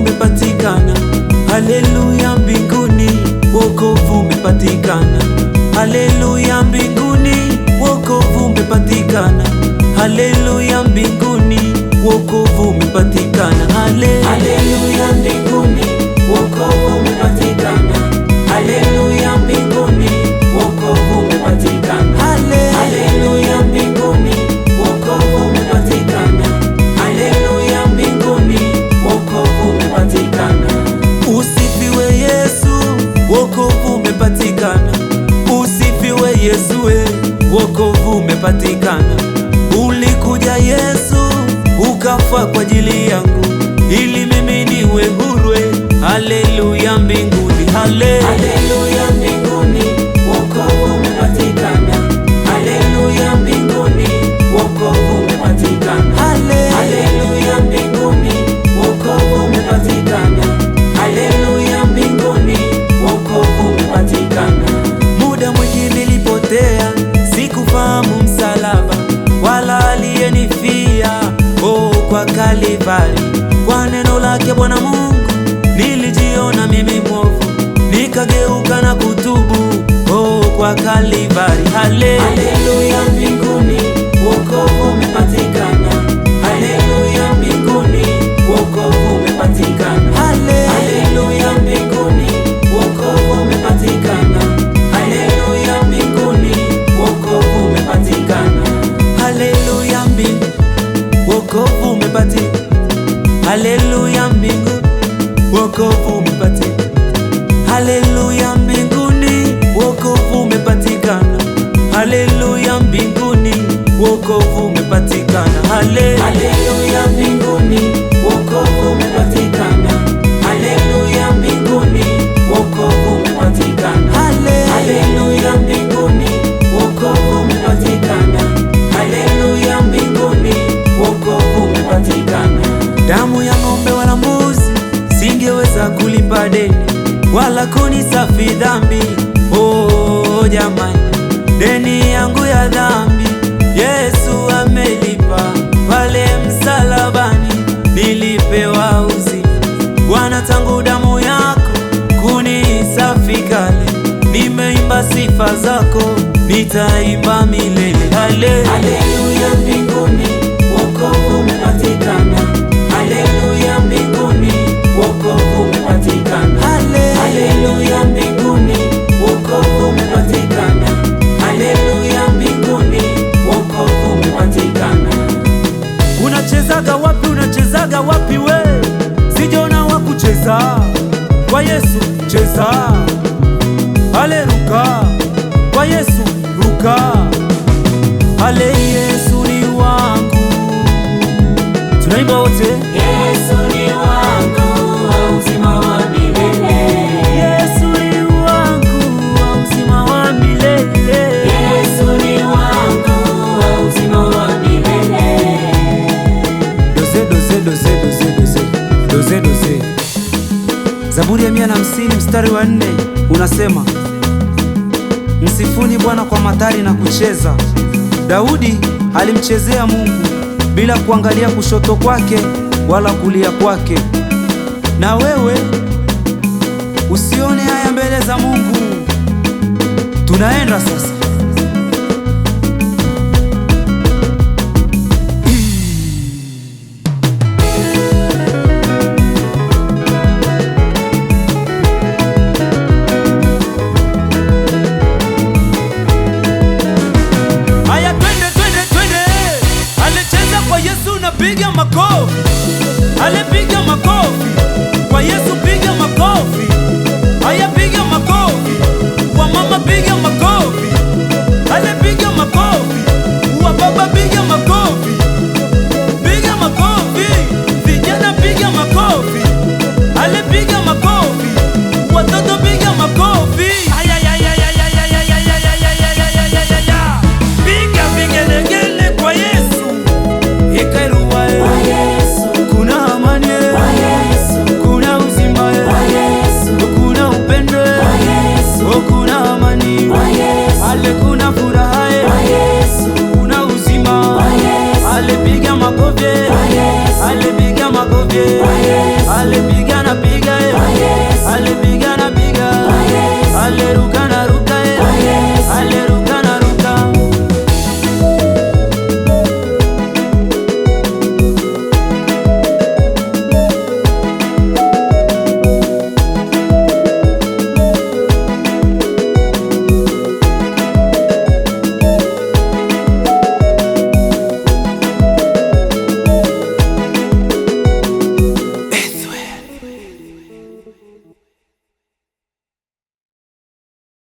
umepatikana, haleluya mbinguni, wokovu umepatikana, haleluya mbinguni, wokovu umepatikana, haleluya mbinguni, wokovu umepatikana, haleluya mbinguni, wokovu umepatikana Yesu, eh, wokovu umepatikana. Ulikuja Yesu ukafa kwa ajili yangu ili mimi niwe huru. Eh. Haleluya mbinguni, haleluya. wa Kalvari. Haleluya mbinguni, wokovu umepatikana. Haleluya mbinguni, wokovu umepatikana. Haleluya mbinguni, wokovu umepatikana. Haleluya mbinguni, wokovu umepatikana. Haleluya mbinguni, wokovu umepatikana. Haleluya mbinguni, wokovu umepatikana. Haleluya umepatikana, haleluya mbinguni, wokovu umepatikana, haleluya mbinguni jamani, deni yangu ya dhambi Yesu amelipa pale msalabani, nilipewa uzima. Bwana, tangu damu yako kunisafi kale, nimeimba sifa zako, nitaimba milele. Haleluya, mbinguni wokovu umepatikana preço Zaburi ya 150 mstari wa nne unasema msifuni Bwana kwa matari na kucheza. Daudi alimchezea Mungu bila kuangalia kushoto kwake wala kulia kwake. Na wewe usione haya mbele za Mungu. Tunaenda sasa Além de alecrim furaha una uzima, alipiga makofi, alipiga makofi